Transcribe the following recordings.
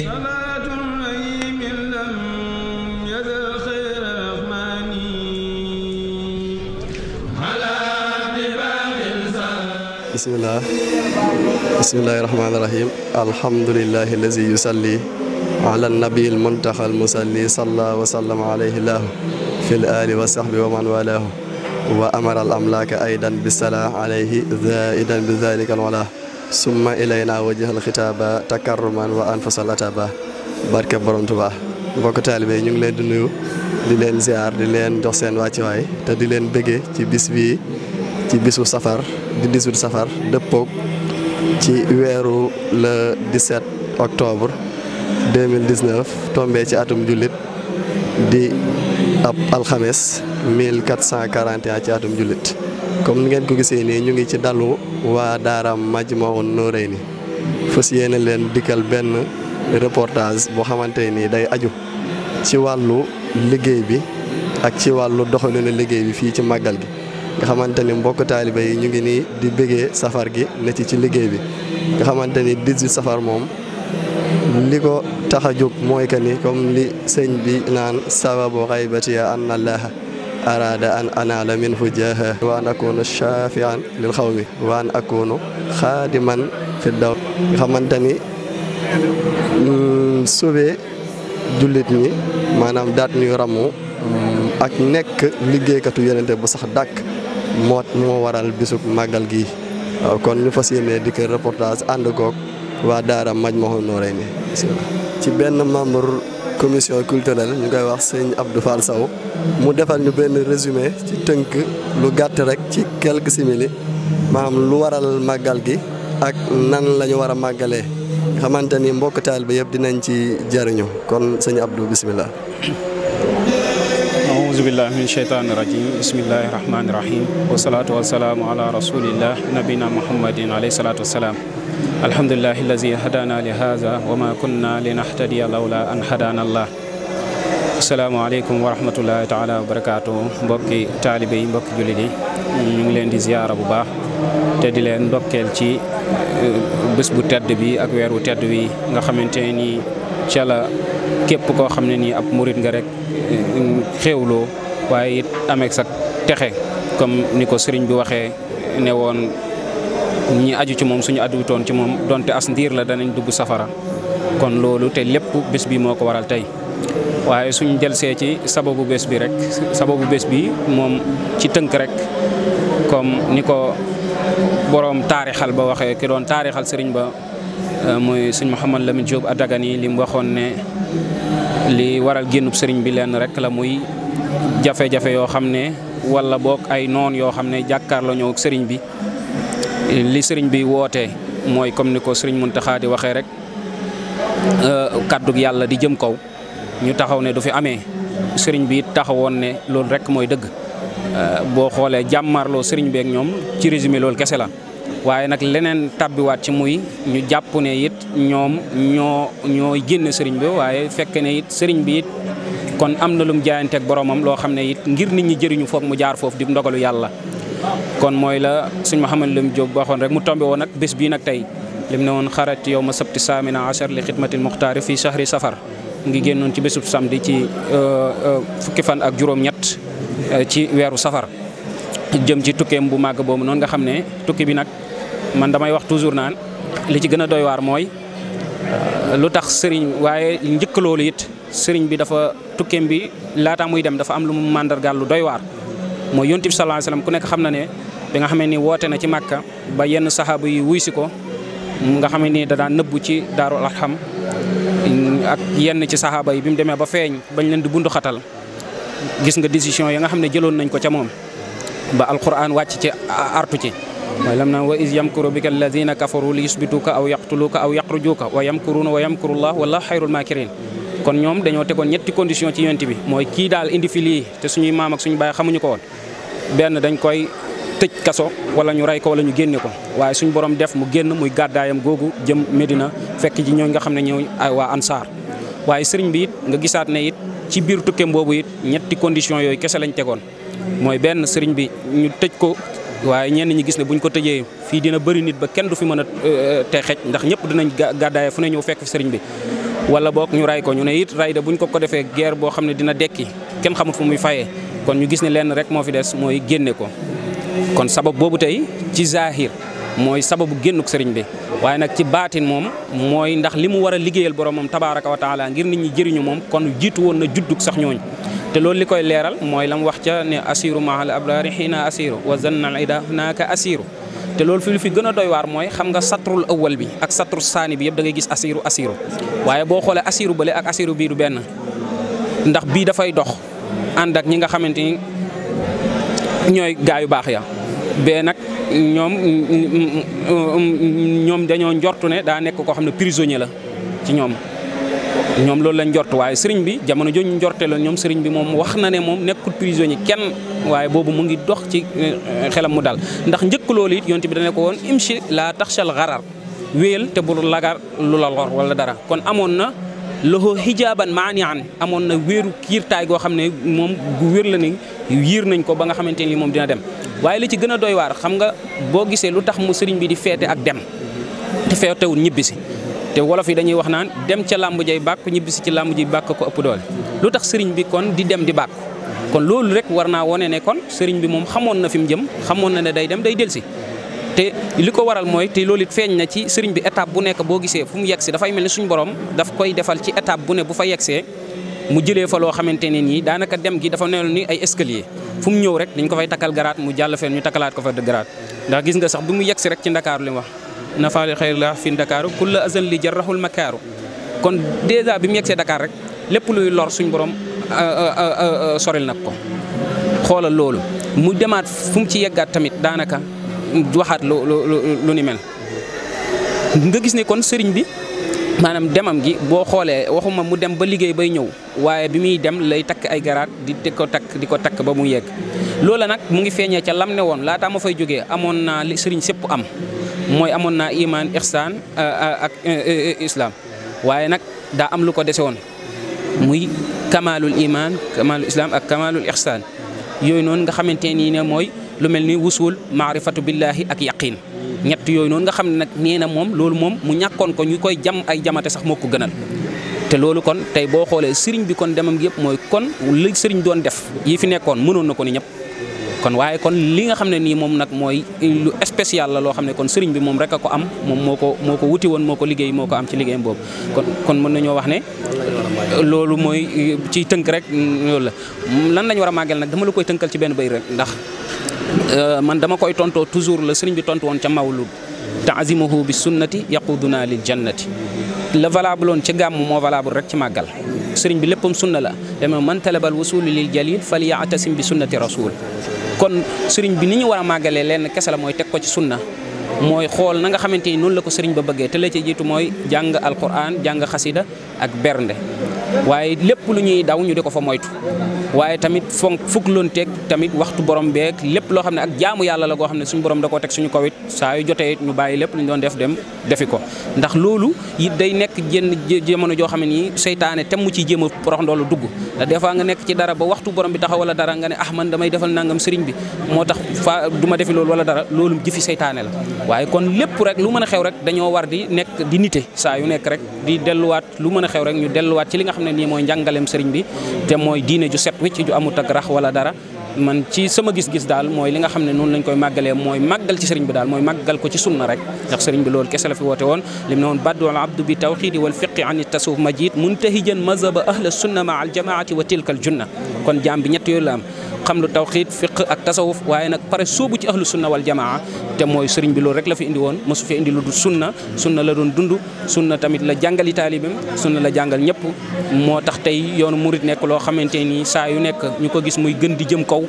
بسم الله بسم الله الرحمن الرحيم الحمد لله الذي يصلي على النبي المنتخى المصلي صلى وسلم عليه الله في الآل وصحبه ومن والاه وأمر الأملاك أيضا بالصلاة عليه زائدا بذلك الولاه summa ilayna wajjahal xitaaba takarruman wa anfasal ataba barke borom ba mbokk taalibe ñu ngi leen du nuyu di leen ziar di leen jox seen wàccuwaay te di leen bëggee ci bis bii ci bisu safar di safar dëppoog ci weeru le 17 octobre 2019 tombé ci atum jullit di ab alxames 1441 ci atum julit comme ni ngeen ko gisee nii ñu ngi ci dalu waa daara maj ma woon nooray ni fas yéene leen dikkal benn reportage boo xamante ni day aju ci wàllu liggéey bi ak ci wàllu doxalina liggéey bi fii ci màggal gi nga xamante ni mbokk taaliba yi ñu ngi ni di bégee safar gi ne ci ci liggéey bi nga xamante ni 18 safar moom Liko ko moy a ni comme li sëñ bi nan sababu xaybatiya anna allah arada an anala min hujaha wa an akunu shafian lil khawmi wa an akunu khadiman fi daw xamante sobe sauvé ni manam mm, dat daat ramu mm, ak liggey liggéeykatu yenente bu sax dak mot mo waral bisuk magal gi kon ñu fasiyene dik reportage wa dara majmuhul nuraini ci ben membre commission culturelle ñu koy wax seigne abdou fall saw mu defal ñu ben résumé ci teunk lu gatt rek ci quelques simili manam lu waral magal gi ak nan lañu wara magalé xamanteni mbokk taal bi yeb dinañ ci jarignu kon seigne abdou bismillah Alhamdulillah min syaitan rajim Bismillahirrahmanirrahim Wassalatu wassalamu ala rasulillah Nabi Muhammadin alaih salatu salam. alhamdulilahi allazi hadaana li haza wa ma kunna linahtadiya lawla an hadaana allah asalaamaaleykum wa rahmatullahi taala wa barakaatu mbokki taalibe yi mbokki jullit ngi leen di ziyaara bu baax te di leen ndokkeel ci uh, bés bu tedd bi ak weer wu tedd wi nga xamante ni ca la képp koo xam ne nii ab murit nga rek uh, xéewloo waaye it ameeg sa texe comme ni ko sëriñ bi waxee ne woon ñi aju ci moom suñu ajuutoon ci moom donte as ndiir la danañ dugg safara kon loolu te lépp bés bi moo ko waral tey waaye suñ delsee ci sababu bés bi rek sababu bés bi moom ci tënk rek comme ni ko boroom taarixal ba waxee ki doon taarixal sëriñ ba euh, mooy sëñ Mouhamad Lamine Diop Adagani li mu waxoon ne li waral génnub sëriñ bi lenn rek la muy jafe-jafe yoo xam ne walla boog ay noon yoo xam ne jàkkaarloo ñëw ak sëriñ bi li sëriñ bi woote mooy comme ni ko sëriñ Muntaxa di waxee rek euh, kàddug yàlla di jëm kow ñu taxaw ne du fi amee sëriñ bi taxawoon ne loolu rek mooy dëgg euh, boo xoolee jàmmarloo sëriñ beek ñoom ci résumé loolu kese la. waaye nag leneen tàbbiwaat ci muy ñu jàpp ne it ñoom ñoo ñooy génn sëriñ bi waaye fekk ne it sëriñ bi it kon am na lum jaayanteeg boromam loo xam ne it ngir nit ñi jëriñu foog mu jaar foofu di ndogalu yàlla. kon moy la seigne mohammed lim job waxone rek mu tombé won nag bes bi nak tay lim ne won kharat yow ma sabti samina ashar li xidmatil mukhtar fi shahri safar ngi gennon ci besub samedi ci euh, euh, fukki fan ak jurom ñet euh, ci weeru safar jëm ci tukem bu mag bobu non nga xam tukki bi nak man damay wax toujours nan li ci gëna doy war moy lutax serigne waye ñëk loolu it bi dafa tukem bi muy dem dafa am lu mu lu doy war mo yonent bi sallallahu alayhi wasallam ku nek xamna ne bi nga xamee ni na ci Makka ba yenn saxaaba yi wuy nga xamee ni da daan ci Daarul Arxam ak yenn ci sahaba yi bimu deme ba feñ bañ leen di bundu xatal gis nga décision yi nga xamne jëlon nañ ko ca mom ba alquran wàcc ci artu ci mooy lam na wa iz yamkuru bika alladina kafaru li yusbituka aw yaqtuluka aw yaxrujuka wa yamkuruna wa yamkuru allah wallahu khairul makirin kon ñoom dañoo tegoon ñetti condition ci yonent bi mooy kii daal indi fi lii te suñuy maam ak suñu bàyyi xamuñu ko woon benn dañ koy tëj kaso wala ñu rey ko wala ñu génne ko waaye suñu borom def mu génn muy gàddaayam googu jëm Medina fekk ji ñooñ nga xam ne ñëw waa Ansaar waaye sëriñ bi it nga gisaat ne it ci biir tukkeem boobu it ñetti condition yooyu kese lañ tegoon mooy benn sëriñ bi ñu tëj ko waaye ñenn ñi gis ne buñ ko tëjee fii dina bëri nit ba kenn du fi mën a euh, te xej ndax ñëpp dinañ gàddaaya fu ne ñëw fekk fi sëriñ bi wala book ñu ray ko ñu ne it rayda de buñ ko ko defee guerre boo xam ne dina dekki kenn xamut fu muy fayee kon ñu gis ne lenn rek moo fi des mooy génne ko kon sabab boobu tey ci zahir mooy sababu génnuk sëriñ bi waaye nag ci baatin moom mooy ndax li mu war a liggéeyal boromam tabaaraka wa taala ngir nit ñi jëriñu moom kon jiitu woon na juddug sax ñooñ te loolu li koy leeral mooy lam wax ca ne asiru mahal abrari xiina asiru wa zannal ida naaka asiru te loolu fi lu fi gën a doy waar mooy xam nga satrul awal bi ak satru saani bi yëpp da ngay gis asiru asiru waaye boo xoolee asiru bële ak asiru bii du benn ndax bii dafay dox ànd ak ñi nga xamante ni ñooy gaa yu baax ya bee nag ñoom mm, mm, mm, ñoom dañoo njortu ne daa nekk koo xam ne prisonnier la ci ñoom ñoom loolu lañ njort waaye sëriñ bi jamono jooñ njorte la ñoom sëriñ bi moom wax na ne moom nekkul prisonnier kenn waaye boobu mu ngi dox ci eh, xelam mu dal ndax njëkk lool it yonent bi dana ko woon imshi la taxshal gharar wéel te bul lagar lu la lor wala dara kon amoon na loxo xijaaban maanian amoon na wéeru kiirtaay goo xam ne moom gu wér la ni yiir nañ ko ba nga xamante ni moom dina dem waaye li ci gën a doy waar xam nga boo gisee lu tax mu sëriñ bi di feete ak dem te feetewul ñibbisi te wolof yi dañuy wax naan dem ca làmb jay bàkku ñibbisi ci làmb ji bàkk ko ëpp doole lu tax sëriñ bi kon di dem di bàkku kon loolu rek war naa wone ne kon sëriñ bi moom xamoon na fi mu jëm xamoon na ne day dem day delsi te li ko waral mooy te loolu it feeñ na ci sëriñ bi étape bu nekk boo gisee fu mu yegg si dafay mel ni suñu borom daf koy defal ci étape bu ne bu fa yeggsee mu jëlee fa loo xamante ne nii daanaka dem gi dafa neel ni ay escalier fu mu ñëw rek dañ ko fay takkal garaat mu jàll fenn ñu takkalaat ko fa de garaat gis nga sax bi mu yegg si rek ci Ndakaaru li wax nafaali xayrillah fi ndakaaru kulla azan li jarraxul makaaru kon dèjà bi mu yegsee Dakar rek lépp luy lor suñ borom euh, euh, euh, soril nag ko xoolal loolu mu demaat fu ci yeggaat tamit daanaka waxaat lu lu lu ni mel nga gis ne kon sëriñ bi maanaam demam gi boo xoolee waxuma mu dem ba liggéey bay ñëw waaye bi muy dem lay takk ay garaat di di ko takk di ko takk ba mu yegg loola nag mu ngi feeñee ca lam ne woon laataa ma fay jógee amoon naa li sëriñ sépp am mooy amoon na imaan ixsaan ak e, e, e, islaam waaye nag daa am lu ko dese woon muy kamaalul imaan kamaalul islam ak kamaalul ixsaan yooyu noonu nga xamante nii ne mooy lu mel ni wusul maarifatu billaahi ak yaqiin ñett yooyu noon nga xam ne nag nee na moom loolu moom mu ñàkkoon ko ñu koy jam ay jamate sax moo ko gënal te loolu kon tey boo xoolee sëriñ bi kon demam gi yëpp mooy kon li sëriñ doon def yi fi nekkoon mënoon na ko ni ñëpp waaye kon li nga xam ne nii moom nag mooy lu spécial la loo xam ne kon sëriñ bi moom rek a ko am moom moo ko moo ko wuti woon moo ko liggéey moo ko am ci liggéeyam boobu kon kon mën nañoo wax ne loolu mooy ci tënk rek loolu la lan lañ war màggal nag dama la koy tënkal ci benn bay rek ndax euh, man dama koy tontoo toujours la sëriñ bi tontu woon ca mawlud taazimuhu bi sunnati yaquduna lil jannati la valable woon ci gàmm moo valable rek ci màggal sëriñ bi léppam sunna la dama man talabal wasulu lil jalil fal yaatasim bi sunnati rasul kon sëriñ bi ni ñu war a màggalee lenn kese la mooy teg ko ci sunna mooy xool nanga xamante ni noonu la ko sëriñ ba bëggee te la ca jiitu mooy jàng alquran jàng xasida ak bernde waye lepp lu ñuy daw ñu diko fa moytu waye tamit fonk fukk tamit waxtu borom beek lepp lo xamné ak jaamu yalla la go xamné suñu borom da ko tek suñu kawit sa yu joté ñu bayyi lepp lu ñu doon def dem defiko ndax loolu it day nekk jenn jëmono jo xamné ni nii tem mu dugg da defa nga nekk ci dara ba waxtu borom bi taxawala dara nga ne ah man damay defal nangam sëriñ bi motax duma defi loolu wala dara loolu jëfi seytaane la waye kon lepp rek lu mëna xew rek dañoo war di nekk di nité sa yu nekk rek di wat lu mëna xew rek ñu wat ci li nga xamne ne moy jangalem serigne bi te moy diine ju set wi ci ju amut ak rax wala dara man ci sama gis-gis dal moy li nga xamne non lañ koy magale moy magal ci serigne bi dal moy magal ko ci sunna rek ndax serigne bi lol kessela fi wote won lim non woon baddu al abdu bi tawhid wal fiqh an at tasawuf majid muntahijan mazhab ahli sunna ma al jamaati wa tilka al junna kon jaam bi ñett yooyu la am xam lu tawxiid fiq ak tasawuf waaye nag pare soobu ci ahlu sunna wal jamaa te mooy sëriñ bi loolu rek la fi indi woon mosu fi indi lu dul sunna sunna la doon dund sunna tamit la jàngali taalibam sunna la jàngal ñëpp moo tax tey yoonu murit nekk loo xamante ni saa yu nekk ñu ko gis muy gën di jëm kaw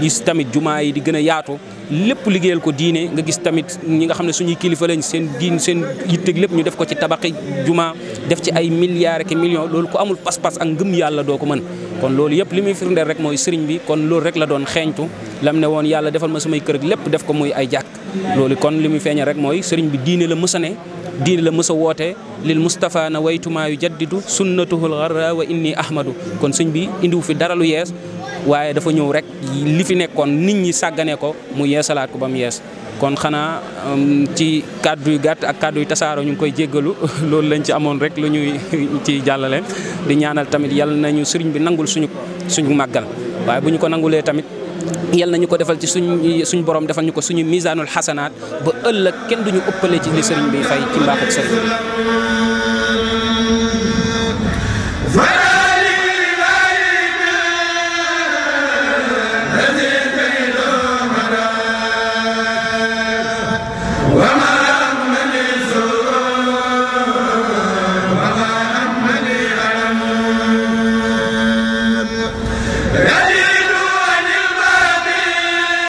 gis tamit jumaa yi di gën a yaatu lépp liggéeyal ko diine nga gis tamit ñi nga xam ne suñuy kilifa lañ seen diin seen yitteg lépp ñu def ko ci tabaxi juma def ci ay milliards ek millions loolu ko amul pas-pas ak ngëm yàlla doo ko man kon loolu yëpp li muy firndeel rek mooy sëriñ bi kon loolu rek la doon xeeñtu lam ne woon yàlla defal ma samay kër lépp def ko muy ay jàkk loolu kon li muy feeñal rek mooy sëriñ bi diine la mësane diine la mës a woote lil Mustafa na waytumaa yu jaddidu sunnatuhul gharra wa inni ahmadu kon sëñ bi indiwu fi dara lu yees waaye dafa ñëw rek li fi nekkoon nit ñi sàggane ko mu yeesalaat ko ba mu yees kon xanaa um, ci kàddu yu gàtt ak kàddu yu tasaaroo ñu ngi koy jéggalu loolu lañ ci amoon rek lu ñuy ci jàllale di ñaanal tamit yàlla nañu sëriñ bi nangul suñu suñu màggal waaye bu ñu ko nangulee tamit yal nañu ko defal ci suñ suñ borom defal ñu ko suñu misaanul xasanaat ba ëllëg kenn ñu ëppale ci li sëriñ bi fay ci mbaaxu sëriñ